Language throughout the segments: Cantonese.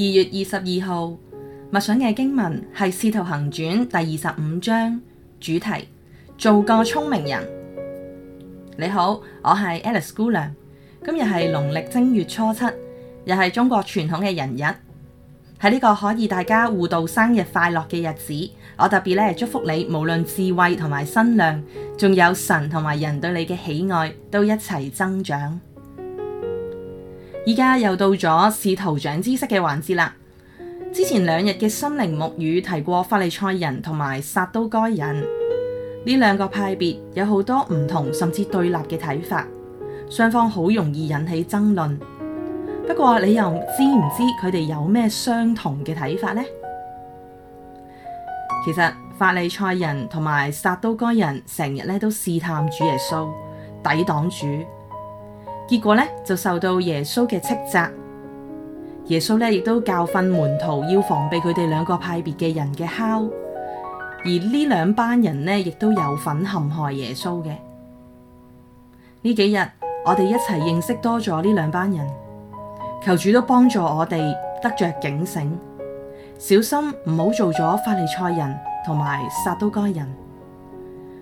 二月二十二號默想嘅經文係《使徒行傳》第二十五章，主題做個聰明人。你好，我係 Alice 姑娘。今日係農曆正月初七，又係中國傳統嘅人日。喺呢個可以大家互道生日快樂嘅日子，我特別嚟祝福你，無論智慧同埋身量，仲有神同埋人對你嘅喜愛，都一齊增長。而家又到咗試圖長知識嘅環節啦。之前兩日嘅心靈牧語提過法利賽人同埋撒都該人呢兩個派別有好多唔同甚至對立嘅睇法，雙方好容易引起爭論。不過你又知唔知佢哋有咩相同嘅睇法呢？其實法利賽人同埋撒都該人成日咧都試探主耶穌，抵擋主。結果咧就受到耶穌嘅斥責，耶穌咧亦都教訓門徒要防備佢哋兩個派別嘅人嘅酵，而呢兩班人咧亦都有份陷害耶穌嘅。呢幾日我哋一齊認識多咗呢兩班人，求主都幫助我哋得着警醒，小心唔好做咗法利賽人同埋撒都該人。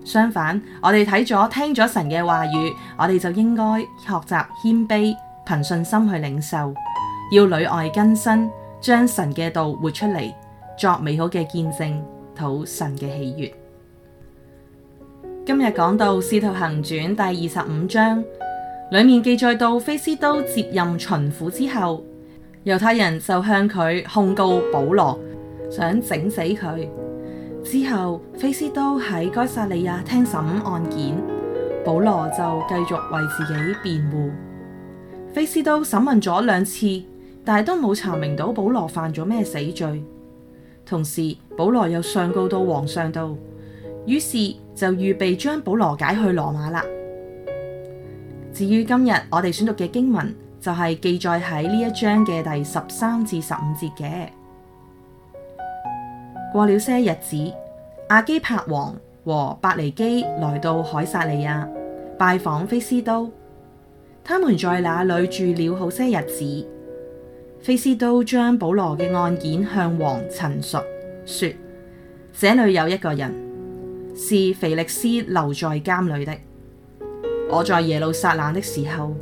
相反，我哋睇咗聽咗神嘅話語，我哋就應該學習謙卑，憑信心去領受，要裏外更新，將神嘅道活出嚟，作美好嘅見證，討神嘅喜悅。今日講到《使徒行傳》第二十五章，裏面記載到，菲斯都接任巡撫之後，猶太人就向佢控告保羅，想整死佢。之後，菲斯都喺該撒利亞聽審案件，保羅就繼續為自己辯護。菲斯都審問咗兩次，但係都冇查明到保羅犯咗咩死罪。同時，保羅又上告到皇上度，於是就預備將保羅解去羅馬啦。至於今日我哋選讀嘅經文，就係記載喺呢一章嘅第十三至十五節嘅。.過了些日子，亞基帕王和百尼基來到凱撒利亞拜訪菲斯都。他們在那裏住了好些日子。菲斯都將保羅嘅案件向王陳述，說：這裏有一個人是腓力斯留在監裏的。我在耶路撒冷的時候，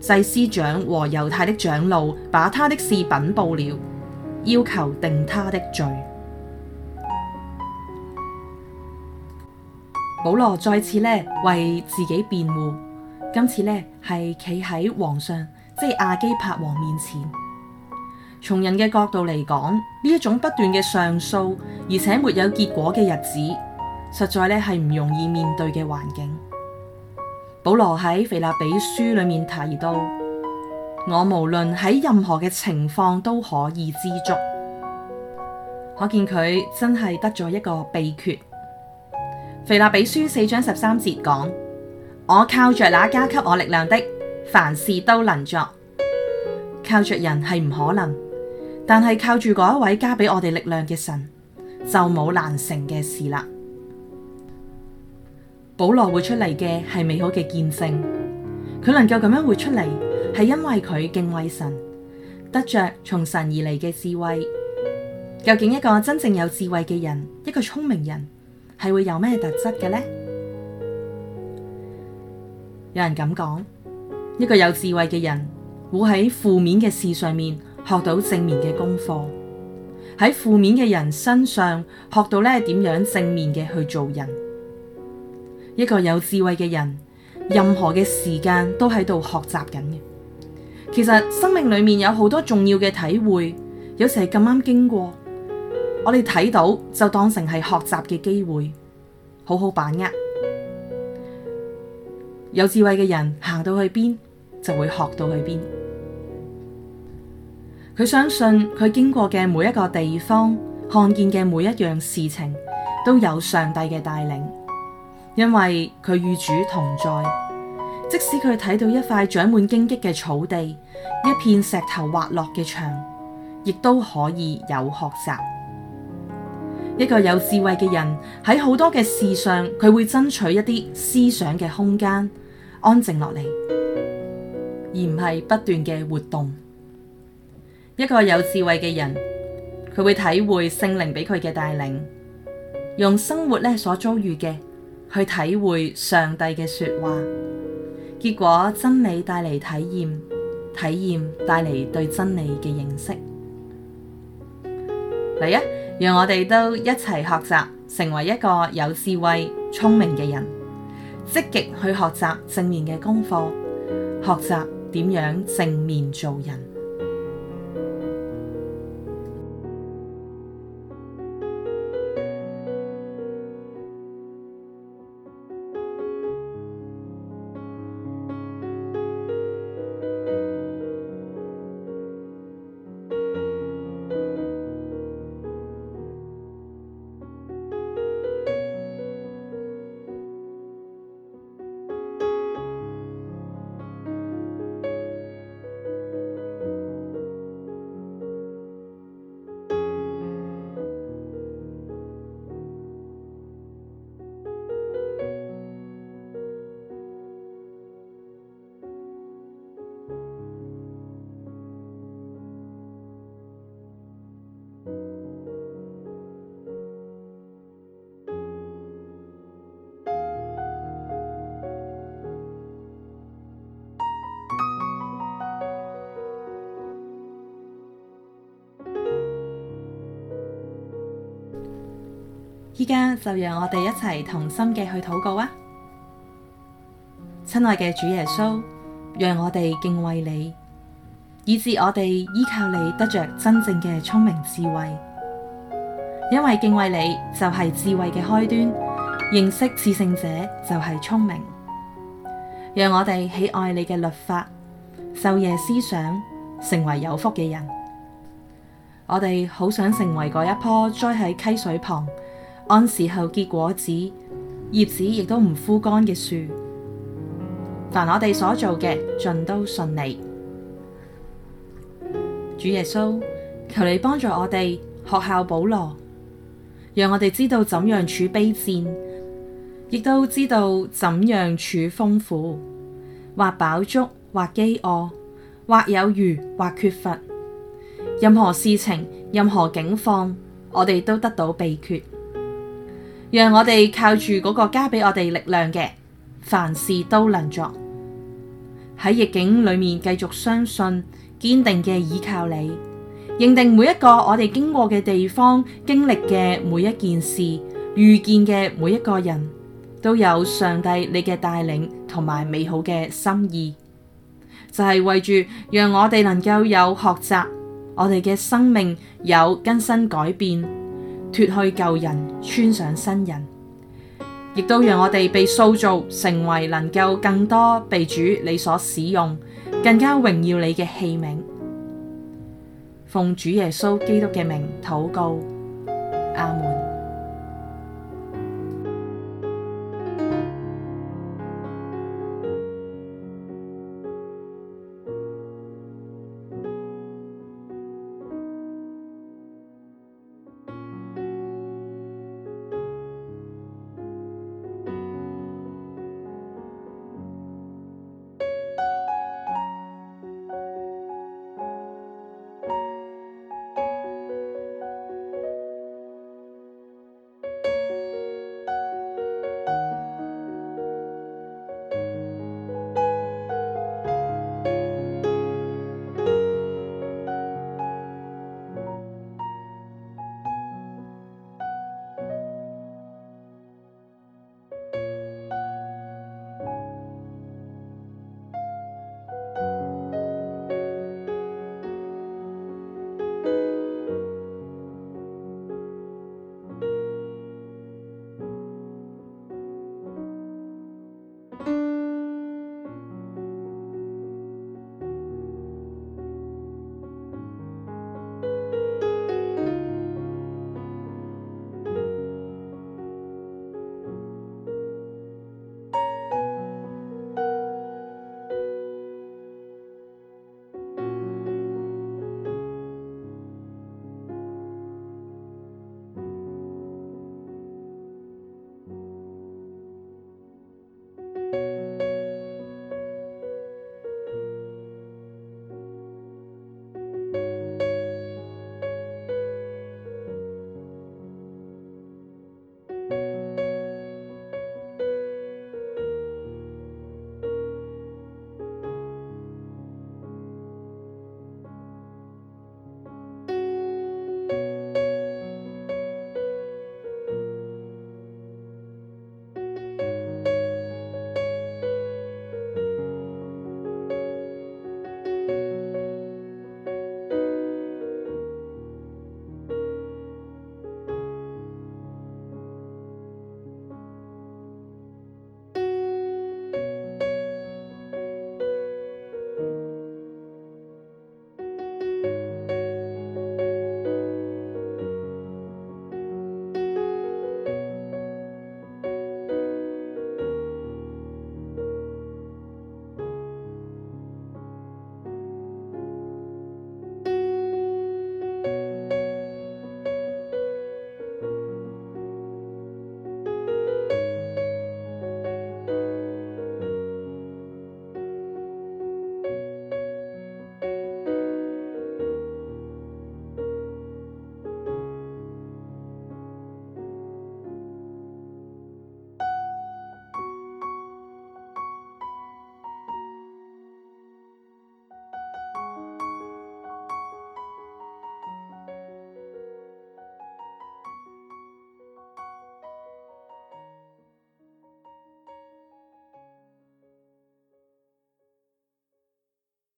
祭司長和猶太的長老把他的事稟報了，要求定他的罪。保羅再次咧為自己辯護，今次咧係企喺皇上，即係亞基帕王面前。從人嘅角度嚟講，呢一種不斷嘅上訴，而且沒有結果嘅日子，實在咧係唔容易面對嘅環境。保羅喺腓立比書裏面提到，我無論喺任何嘅情況都可以知足，可見佢真係得咗一個秘訣。腓立比書四章十三節講：我靠着那加給我力量的，凡事都能作。靠着人係唔可能，但係靠住嗰位加俾我哋力量嘅神，就冇難成嘅事啦。保羅活出嚟嘅係美好嘅見證，佢能夠咁樣活出嚟，係因為佢敬畏神，得着從神而嚟嘅智慧。究竟一個真正有智慧嘅人，一個聰明人？係會有咩特質嘅呢？有人咁講，一個有智慧嘅人會喺負面嘅事上面學到正面嘅功課，喺負面嘅人身上學到呢點樣正面嘅去做人。一個有智慧嘅人，任何嘅時間都喺度學習緊嘅。其實生命裏面有好多重要嘅體會，有時係咁啱經過。我哋睇到就當成係學習嘅機會，好好把握。有智慧嘅人行到去邊就會學到去邊。佢相信佢經過嘅每一個地方，看見嘅每一樣事情都有上帝嘅帶領，因為佢與主同在。即使佢睇到一塊長滿荊棘嘅草地，一片石頭滑落嘅牆，亦都可以有學習。一個有智慧嘅人喺好多嘅事上，佢會爭取一啲思想嘅空間，安靜落嚟，而唔係不斷嘅活動。一個有智慧嘅人，佢會體會聖靈畀佢嘅帶領，用生活咧所遭遇嘅去體會上帝嘅說話，結果真理帶嚟體驗，體驗帶嚟對真理嘅認識。嚟啊！讓我哋都一齊學習，成為一個有智慧、聰明嘅人，積極去學習正面嘅功課，學習點樣正面做人。依家就讓我哋一齊同心嘅去禱告啊！親愛嘅主耶穌，讓我哋敬畏你，以致我哋依靠你得着真正嘅聰明智慧。因為敬畏你就係智慧嘅開端，認識至聖者就係聰明。讓我哋喜愛你嘅律法，晝夜思想，成為有福嘅人。我哋好想成為嗰一棵栽喺溪水旁，按時候結果子，葉子亦都唔枯乾嘅樹。凡我哋所做嘅，盡都順利。主耶穌，求你幫助我哋，學效保羅，讓我哋知道怎樣處卑賤，亦都知道怎樣處豐富，或飽足或，或飢餓，或有餘，或缺乏。任何事情，任何境況，我哋都得到秘訣。讓我哋靠住嗰個加俾我哋力量嘅，凡事都能做。喺逆境裏面繼續相信，堅定嘅倚靠你，認定每一個我哋經過嘅地方、經歷嘅每一件事、遇見嘅每一個人，都有上帝你嘅帶領同埋美好嘅心意，就係為住讓我哋能夠有學習，我哋嘅生命有更新改變，脫去舊人，穿上新人，亦都讓我哋被塑造成為能夠更多被主你所使用，更加榮耀你嘅器皿。奉主耶穌基督嘅名禱告，阿門。